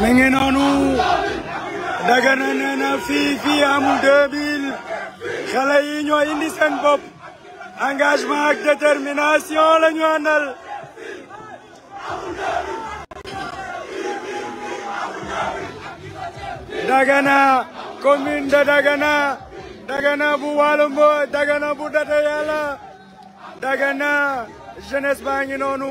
mi ngi Dagana nee fii fii amul 2000 xale yi ñoo indi seen bopp engagement ak détermination la ñu Dagana commune Dagana Dagana bu Walumbo Dagana bu Data Dagana jeunesse baa ngi noonu.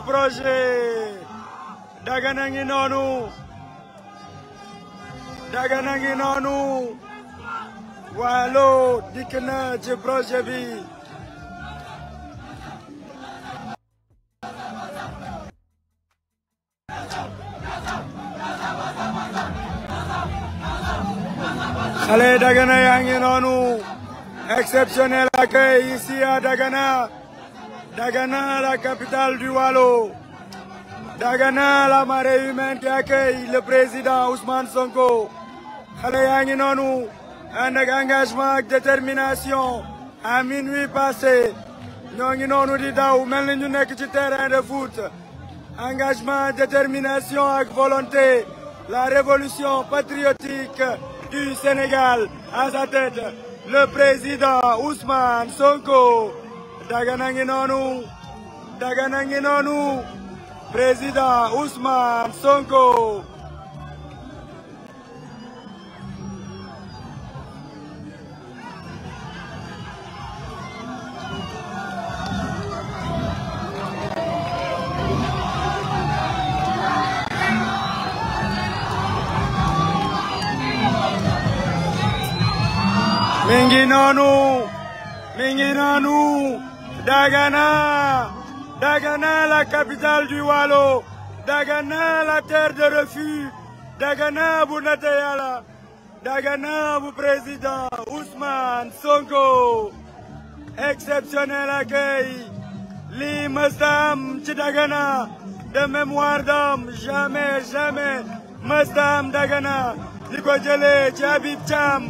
Proses projet Dagana ngi noonu Dagana ngi noonu Waalo dikk na ci projet bi xale Dagana yaa ngi exceptionnel accueil Dagana, la capitale du Wallo. Dagana, la marée humaine qui accueille le président Ousmane Sonko. Nous un engagement détermination. À minuit passé, nous avons Didaou, même nous une terrain de foot. Engagement, détermination avec volonté. La révolution patriotique du Sénégal à sa tête. Le président Ousmane Sonko. Dagana ngi noonu Dagana ngi noonu président Sonko Mingi nanu, mingi nanu. Dagana, Dagana, la capitale du Wallo, Dagana, la terre de refus, Dagana, Bounatayala, Dagana, vous président, Ousmane, Sonko, exceptionnel accueil, de Dagana, de mémoire d'homme, jamais, jamais, Mastam, Dagana, Nikojele, Tchabib Cham,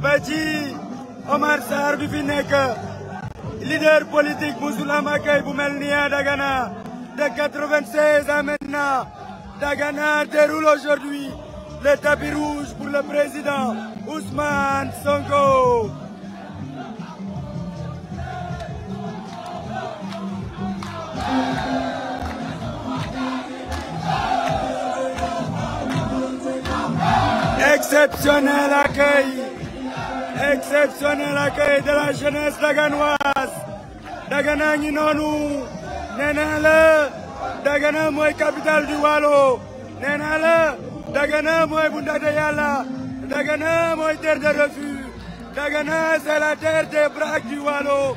Badji, Omar Nek leader politique musulman am Boumelnia Dagana de 96 à maintenant Dagana déroule aujourd'hui le tapis rouge pour le président Ousmane Sonko. Exceptionnel accueil, exceptionnel accueil de la jeunesse daganoise. Dagana ngi noonu nee naa la Dagana mooy capitale du Waalo nee la Dagana mooy bu ndate yàlla Dagana mooy terre de refus Dagana c'est terre des braques du Waalo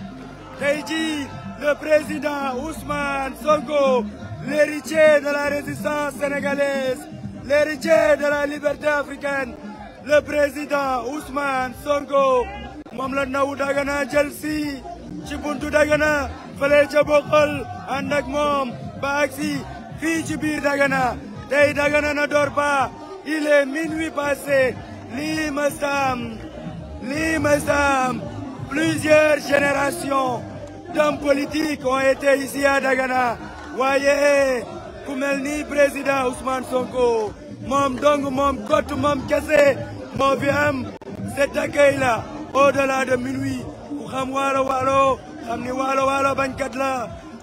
tey jii le président Ousmane Sonko l'héritier de la résistance sénégalaise l'héritier de la liberté africaine le président Ousmane Sonko moom la ndawu Dagana jël si ci buntu Dagana fële ca Bokhol ànd ak ba ci Dagana tey Dagana na door il est minuit passé lii masam lii masam plusieurs générations d'hommes politiques ont été ici à Dagana waaye ku ni président Ousmane Sonko mom dong mom kott mom kese moo fi am cet accueil là au-delà de minuit xam walo, waalo xam ni waalo waalo bañkat la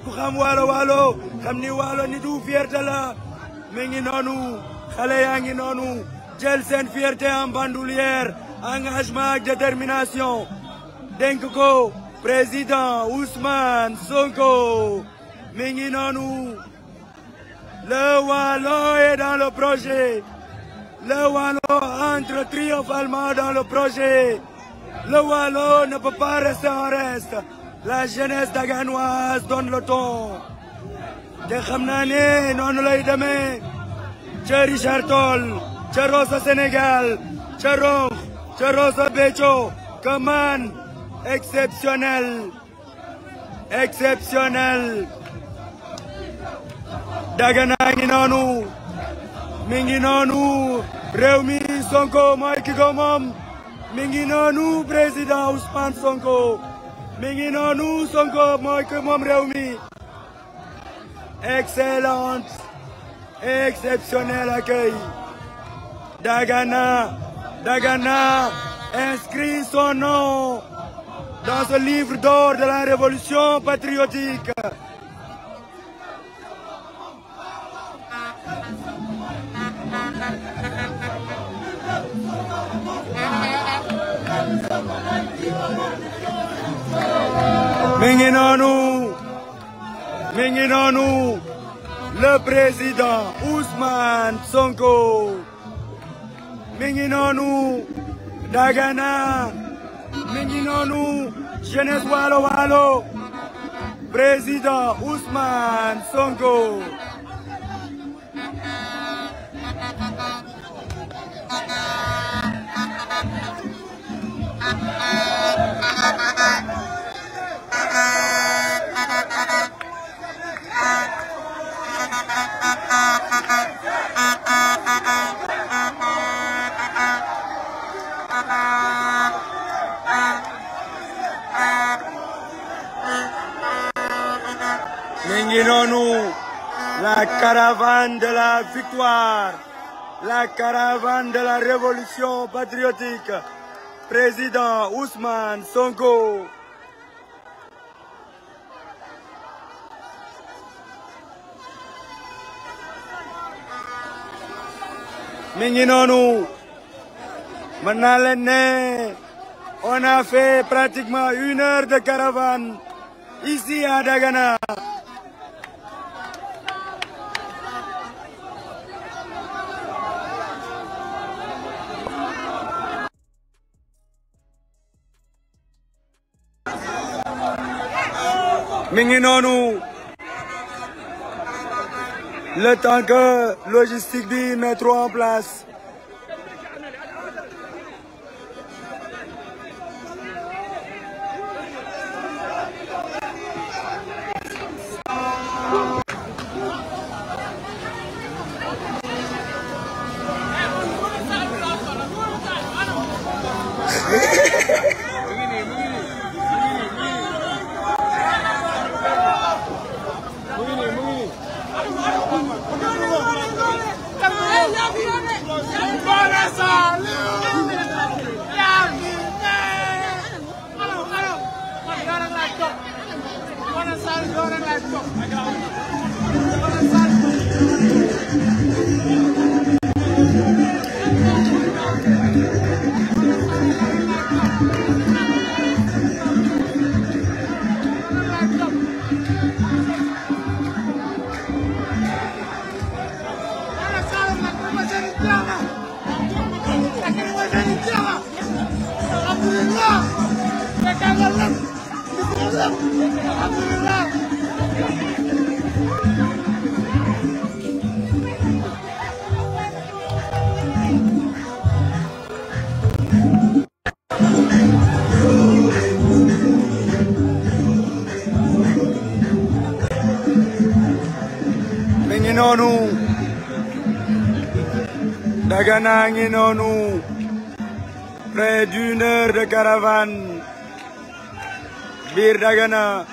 ku xam waalo waalo xam ni waalo fierté la mi ngi xalé ya ngi jël sen fierté en bandoulière engagement détermination dénk ko président Ousmane Sonko mi ngi le Wallon est dans le projet le Wallon entre triomphalement dans le projet Le Wallon ne peut pas rester La jeunesse daganoise donne le ton. te xam naa ne noonu lay demee ca Sénégal ca Ronkh ca Rosso Béthio commande exceptionnel Dagana ngi noonu mi ngi noonu réew mi Sonko Minginonou, président Ousmane Sonko Minginonou Sonko moi que Mom Réumi, exceptionnel accueil Dagana Dagana inscrit son nom dans ce livre d'or de la révolution patriotique Minginonou Minginonou, le président Ousmane Sonko Minginonou Dagana Minginonou Geneswalo Walo. jeunesse président Ousmane Sonko la caravane de la victoire, la caravane de la révolution patriotique. Président Ousmane Sonko. Minginonou, maintenant on a fait pratiquement une heure de caravane ici à Dagana. Minginonou le temps que logistique dit « mettre en place topp Ngoné Sarr Joor laay topp Gana ngi noonu près d'une heure de caravane biir Dagana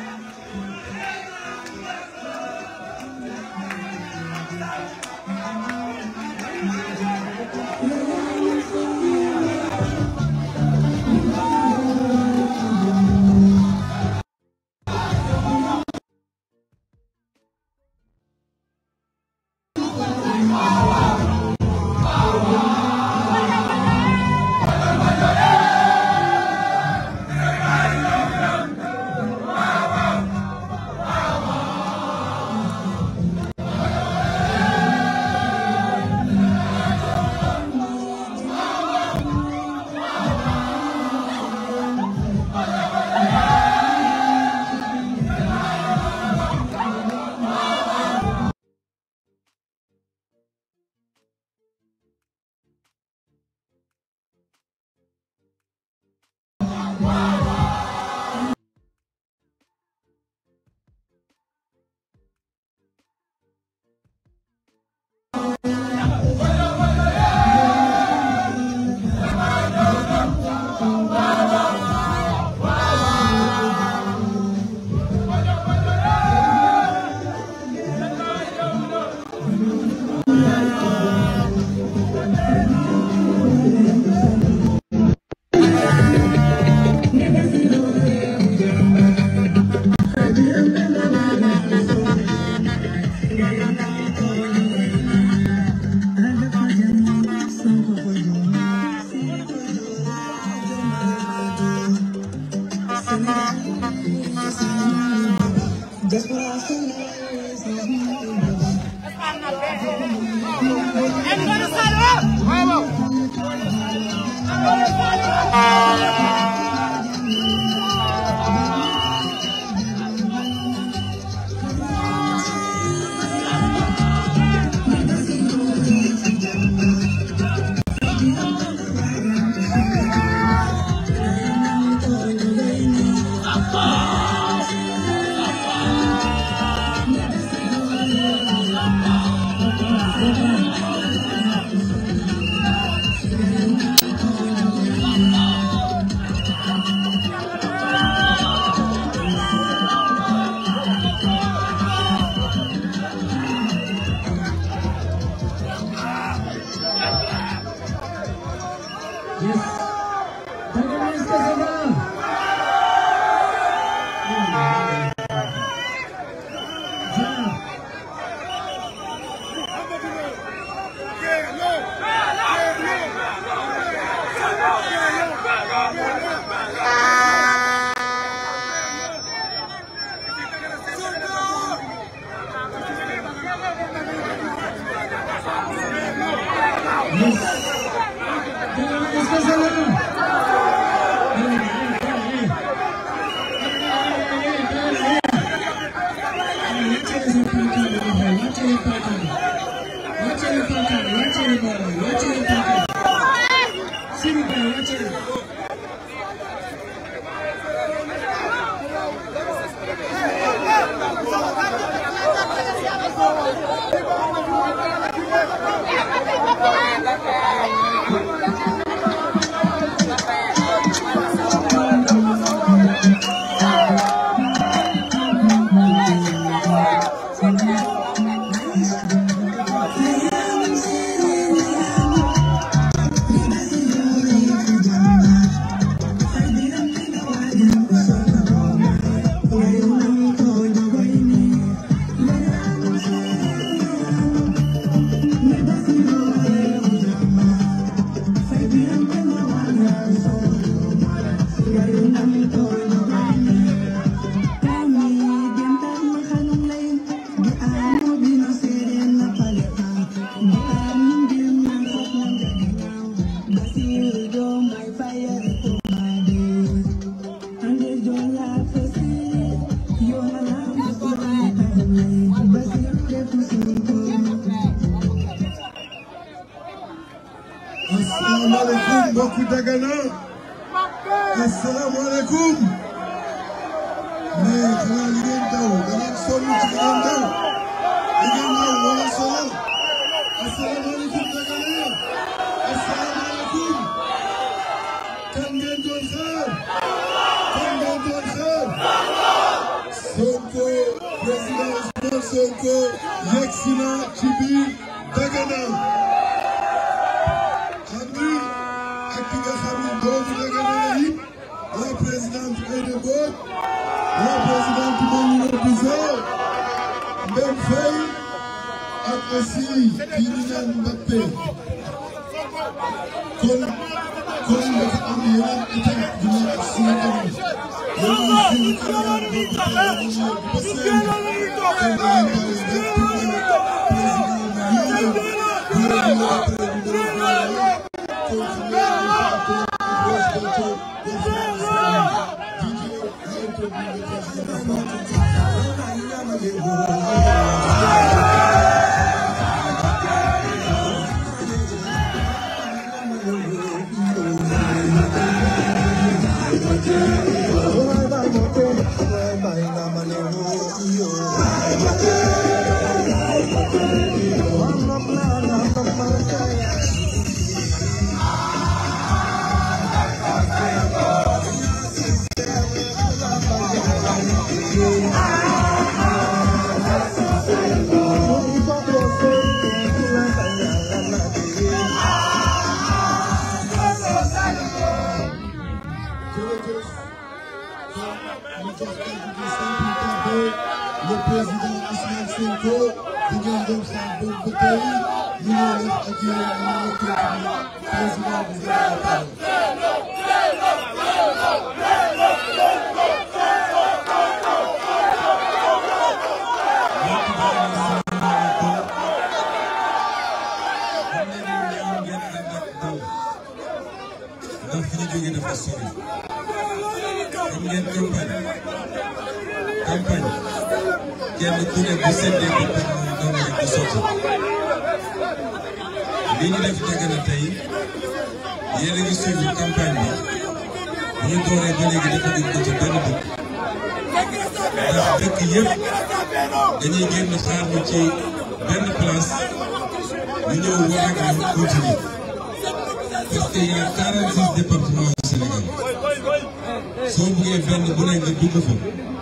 bëggee benn bu ne nga dugg fa dina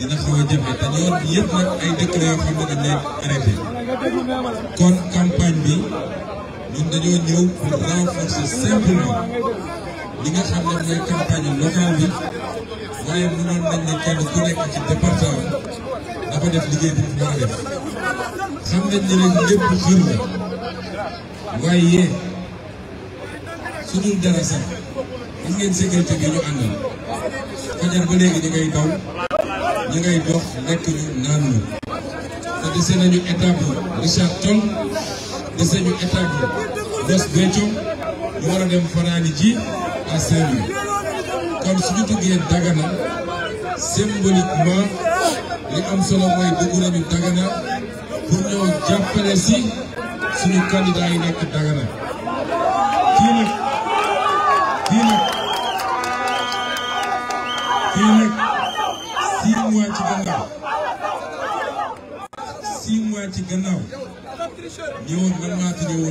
a jafe te ñoom bi ñun dañoo ñëw pour renforcer simplement nga xam ne mooy campagne locale bi waaye mënoon nañ ne kenn ku nekk ci département dafa def liggéey bi mu war a def xam nañ ne nag lépp xër la waaye su dul dara sax gis ngeen sécurité bi ñu àndal. fajar ba léegi ñu ngay daw ñu ngay dox lekk ñu naan ñu te nañu état bi Richard Toll dese nañu état bi Ross Béthio ñu war dem fanaani ji à Saint-Louis kon suñu duggee Dagana symboliquement li am solo mooy nañu Dagana pour ñëw jàppale si suñu candidat nekk Dagana mois ci gannaaw ñëwoon man maa fi président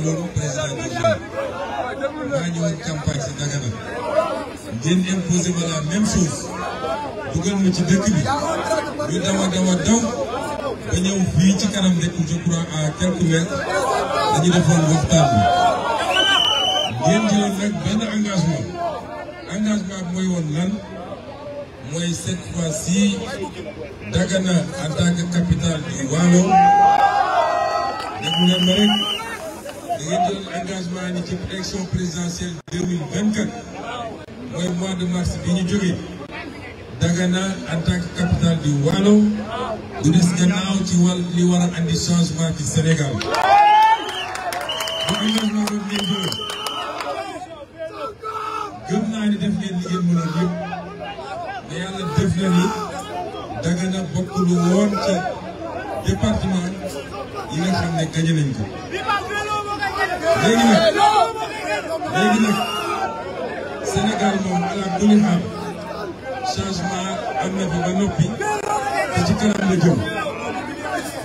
de l' maa ñëwoon campagne si Dagana ngeen imposé ma la même chose dugal ma ci dëkk bi ñu dawa dawa daw ba ñëw fii ci kanam rek je crois à dañu defoon waxtaan bi ngeen jëloon nag benn engagement engagement mooy woon lan mooy cette fois-ci Dagana en tant Waalo Le engagement présidentielle 2024 mois de mars Dagana en tant que capitale du Wallon du changement Sénégal département yi nga xam ne gañe nañ ko léegi nag léegi noppi te ci kanam la jëm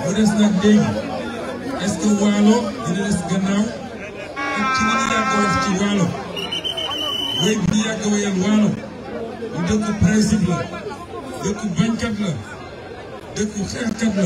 mu des nag léegi est-ce que waalo ni ñu yàgg ci waalo wéy bi ñu yàgg a wéyal waalo lu dëkku principe la dëkku bañkat la dëkku xeexkat la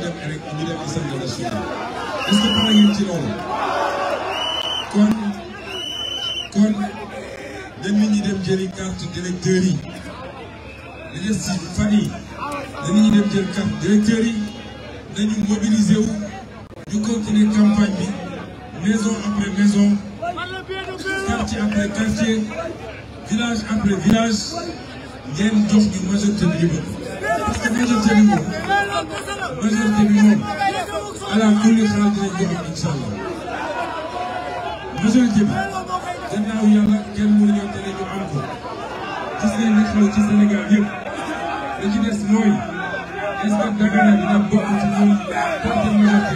est-ce que pare quand quand loolu kon kon dañu ñu dem Les carte d'électeur yi li des Les fan yi dañu dem carte continuer campagne maison après maison quartier après quartier village après village ngeen jox du majorité bi te majorité bi moom majorité bi moom ala kulli xaal dinañ ko am incha allah majorité bi gannaaw yàlla kenn mënu ñoo tere ñu am ko gis ngeen li xew ci Sénégal yëpp li ci des mooy est-ce que Dagana dina bokk ci ñoom porte majorité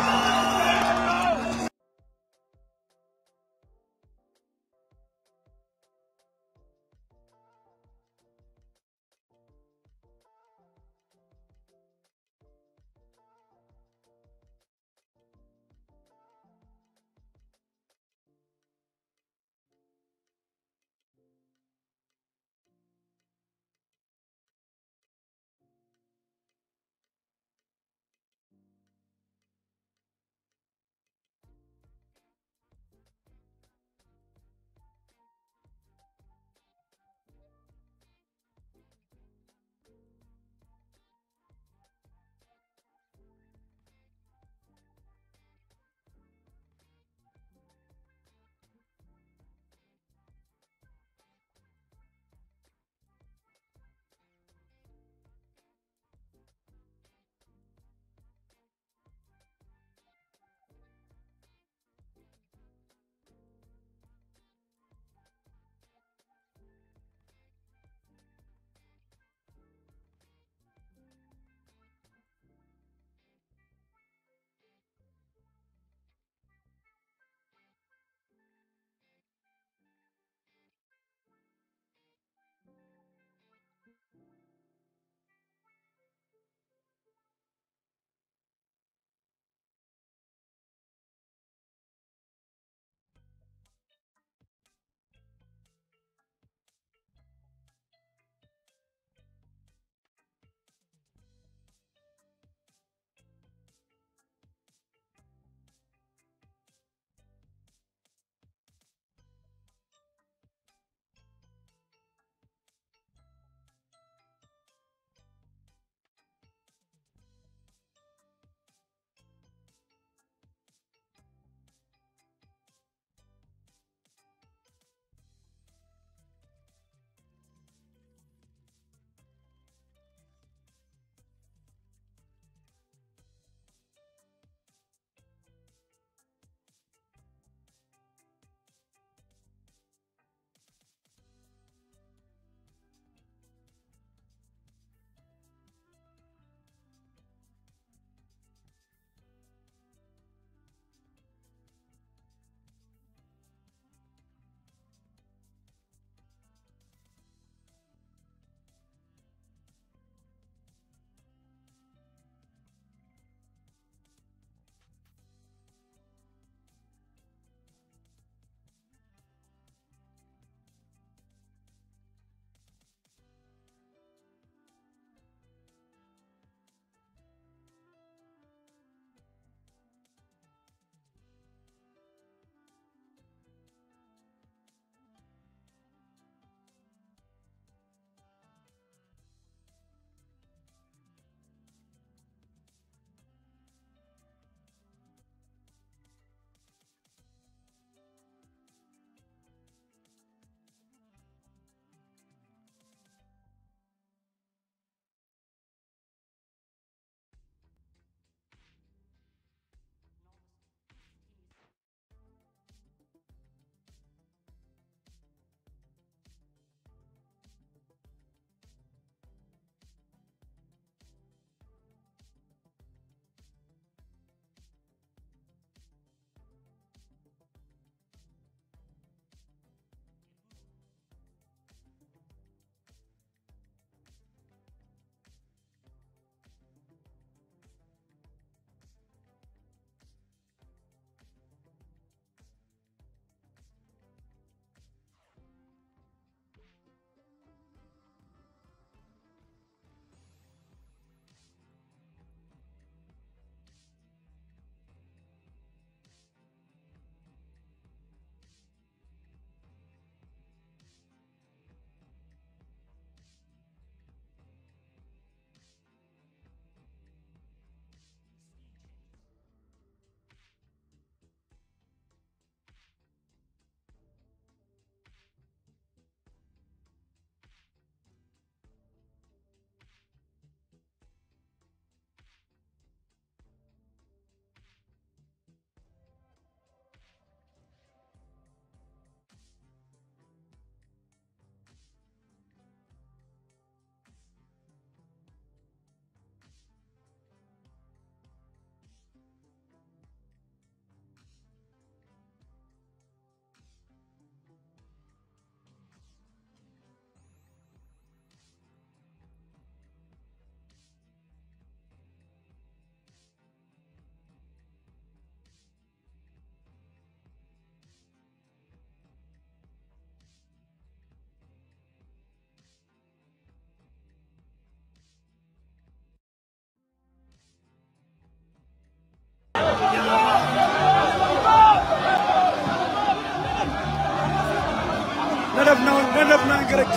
dëgg rek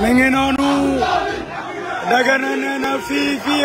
mi ngi noonu Dagana nee na fii fii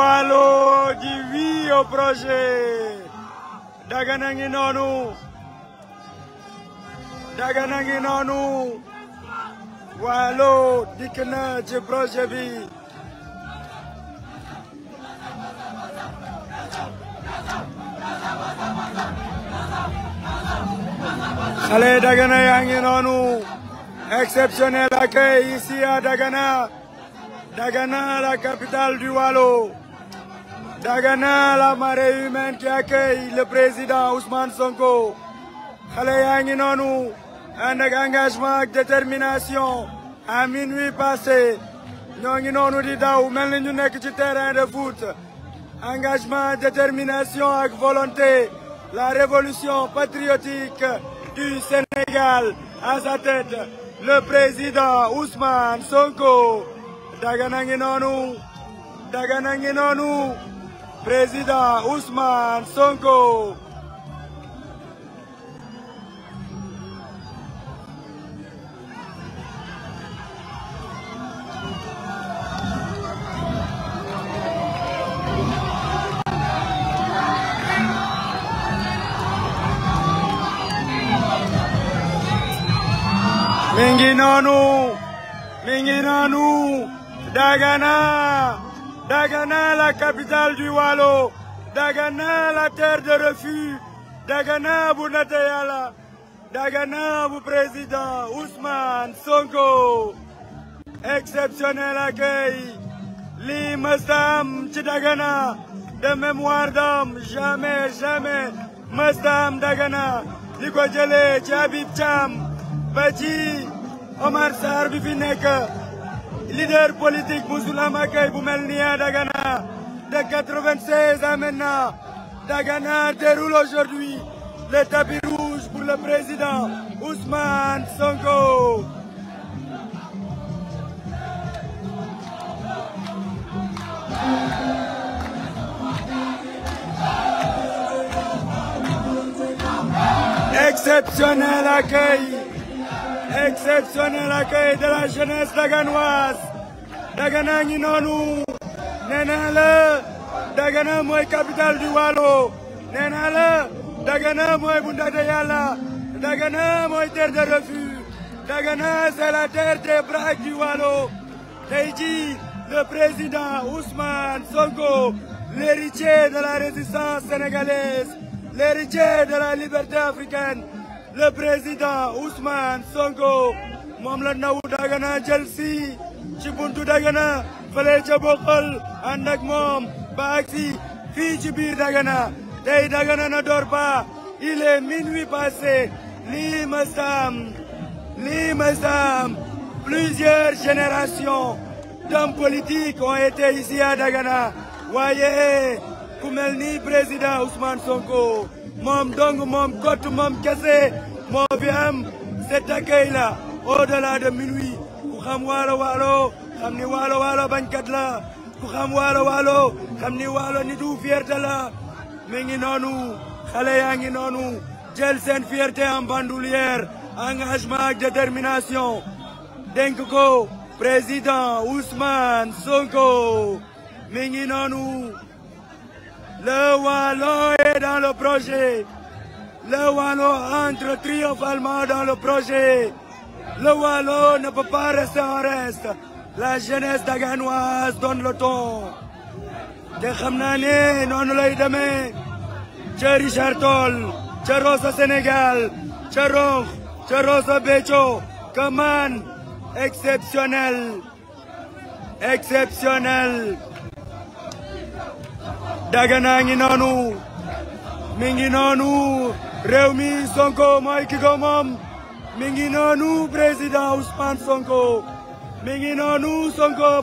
walo wio projet daga nangi nonu daga nangi noonu walo dikk na ci projet bi Ale Dagana yang ngi noonu exceptionnel accueil ici à Dagana Dagana la capitale du wallo Dagana, la marée humaine qui accueille le président Ousmane Sonko. Dagana, un engagement détermination à minuit passé nous avons di daw terrain de engagement détermination avec volonté la révolution patriotique du Sénégal à sa tête le président Ousmane Sonko Dagana ngi President Usman Sonko. Mingi nanu, mingi nanu, dagana. Dagana, la capitale du Wallo. Dagana, la terre de refus. Dagana, Bounateyala. Dagana, vous président Ousmane Sonko. Exceptionnel accueil. Li Mastam Dagana. De mémoire d'homme, jamais, jamais. Mastam Dagana. Li ko Tchabib, Tcham. Omar Sarr Fineka leader politique musulman Lamakai Boumel Nia Dagana de 96 à maintenant Dagana déroule aujourd'hui le tapis rouge pour le président Ousmane Sonko. Exceptionnel accueil exceptionnel accueil de la jeunesse daganoise Dagana Ninonou, noonu Dagana Moué, capitale du Walo, Nenale, Dagana moi Bunda Dagana moi terre de refus Dagana c'est la terre des braques du Walo, tey le président Ousmane Sonko l'héritier de la résistance sénégalaise l'héritier de la liberté africaine le président Ousmane Sonko mom la Dagana Dagana fële ca Bokhol ànd ak Dagana Dagana na il est minuit passé L'imassam, ma li plusieurs générations d'hommes politiques ont été ici à Dagana Voyez, comme président Ousmane Sonko Mam dong mon Kot, mom Kase, Mam fi cet accueil là au-delà de minuit pour xam walo, waalo walo walo waalo la ku xam nidou ni waalo fierté la en bandoulière engagement et détermination denguko, président Ousmane Sonko mi le wallon dans le projet. Le Wano entre triomphalement dans le projet. Le Wano ne peut pas rester en reste. La jeunesse daganoise donne le ton. De Khamnani, non, non, Richard Toll Rosa Sénégal tchè Rox tchè Rosa exceptionnel exceptionnel Dagana non, nous. Minginonou Reumi, Sonko mooy ki Minginonou, président Ousmane Sonko Minginonou Sonko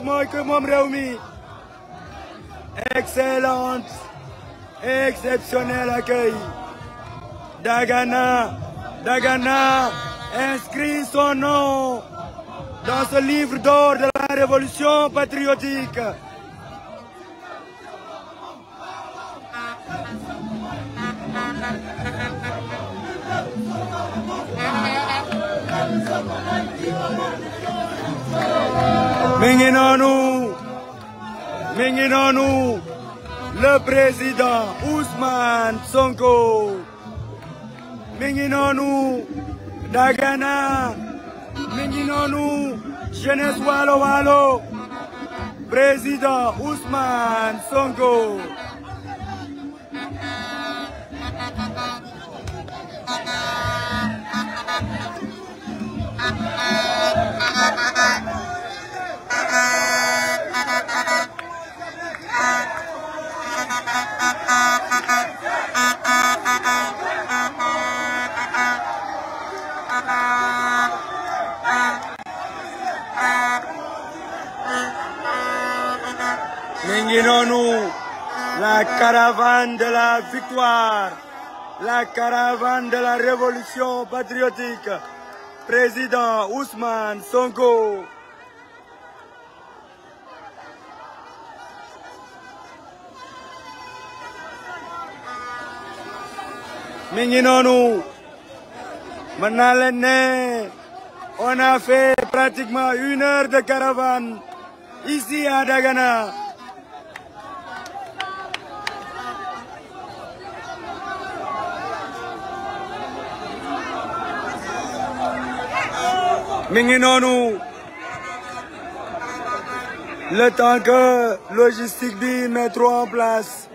exceptionnel accueil Dagana Dagana inscrit son nom dans ce livre d'or de la révolution patriotique Minginonou, Minginonou, le président Ousmane Sonko Minginonou Dagana Minginonou jeunesse président Ousmane Sonko la caravane de la victoire la caravane de la révolution patriotique président Ousmane Sonko mi maintenant on a fait pratiquement une heure de caravane ici à Dagana Minginonu, le temps que logistique bi mettre en place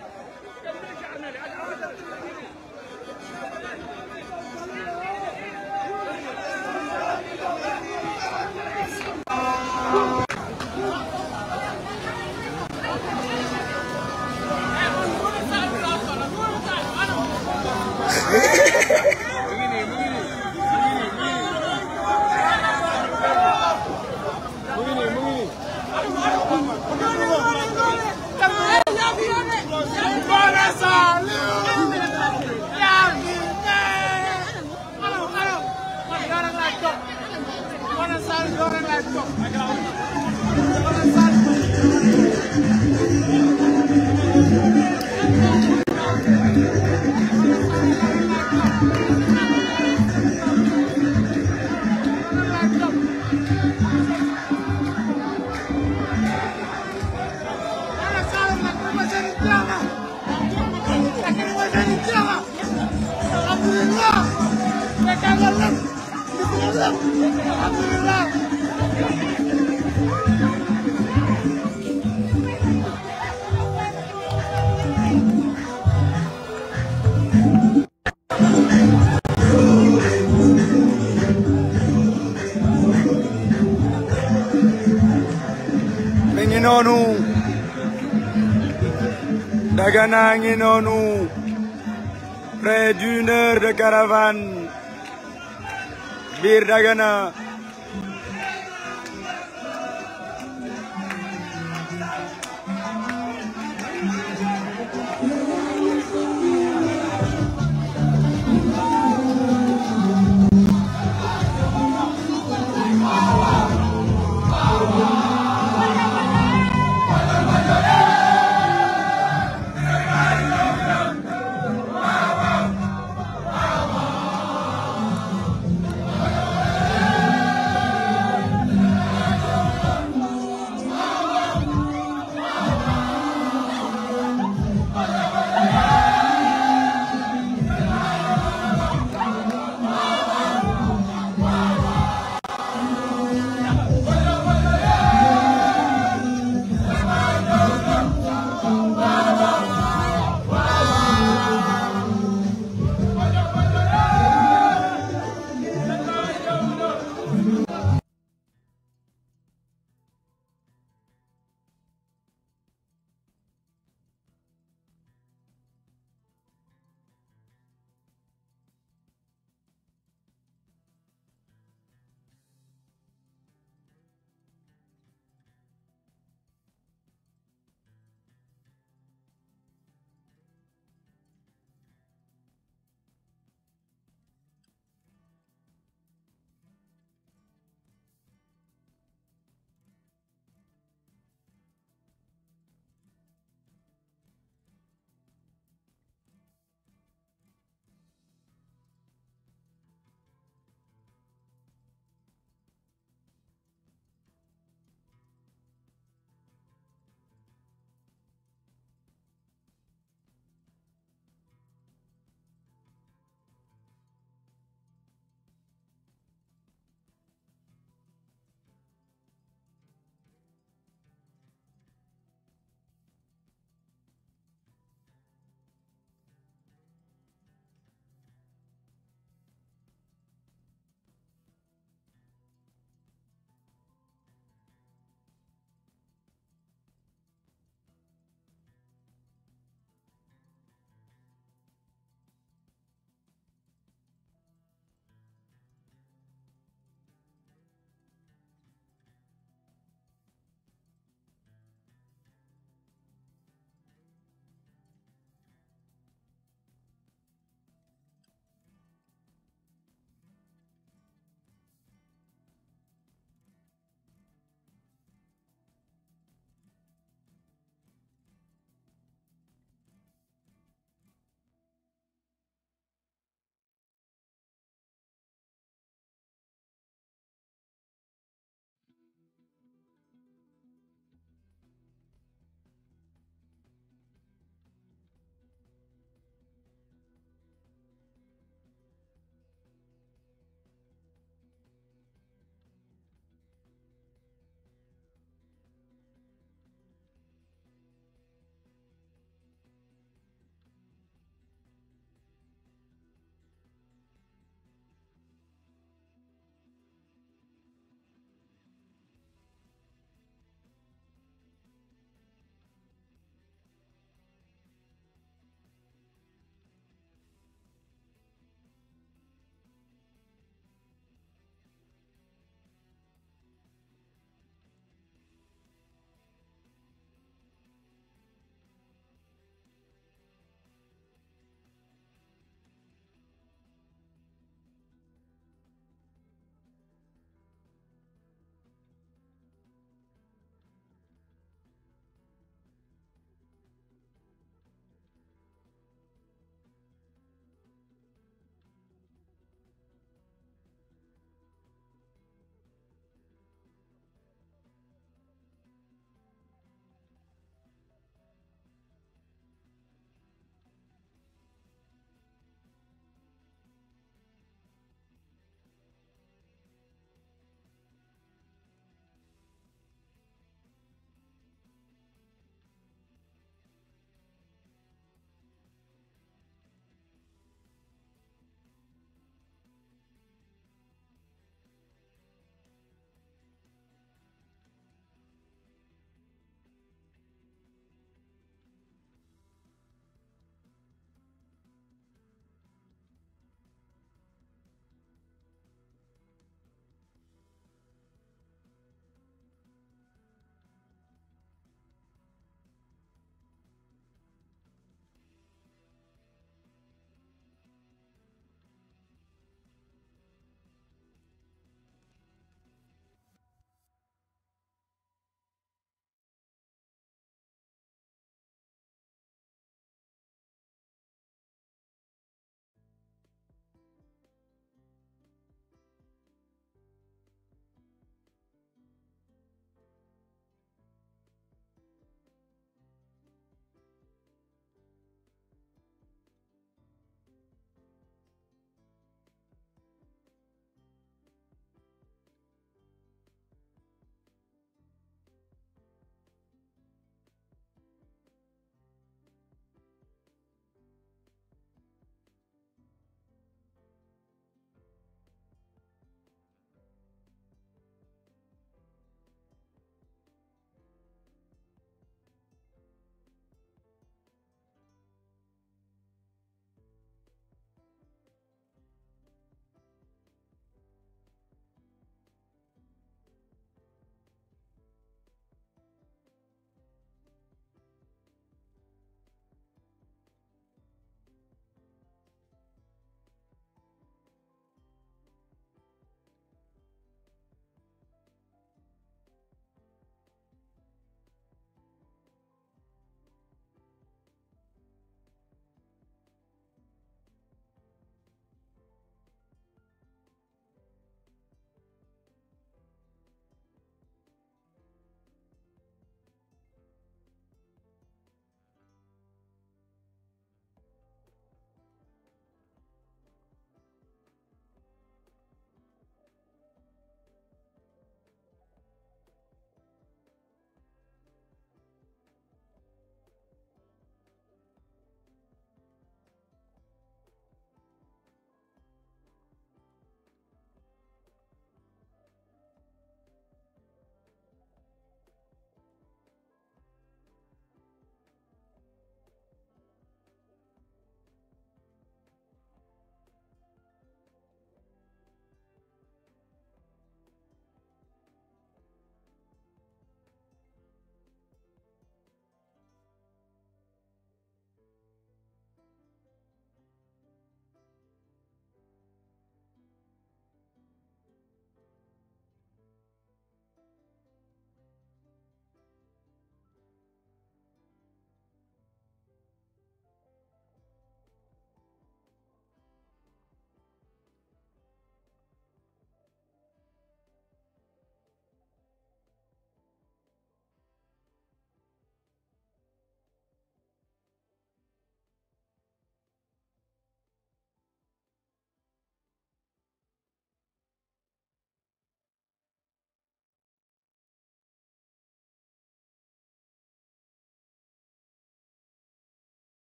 naa ngi noonu près d'une heure de caravane biir Dagana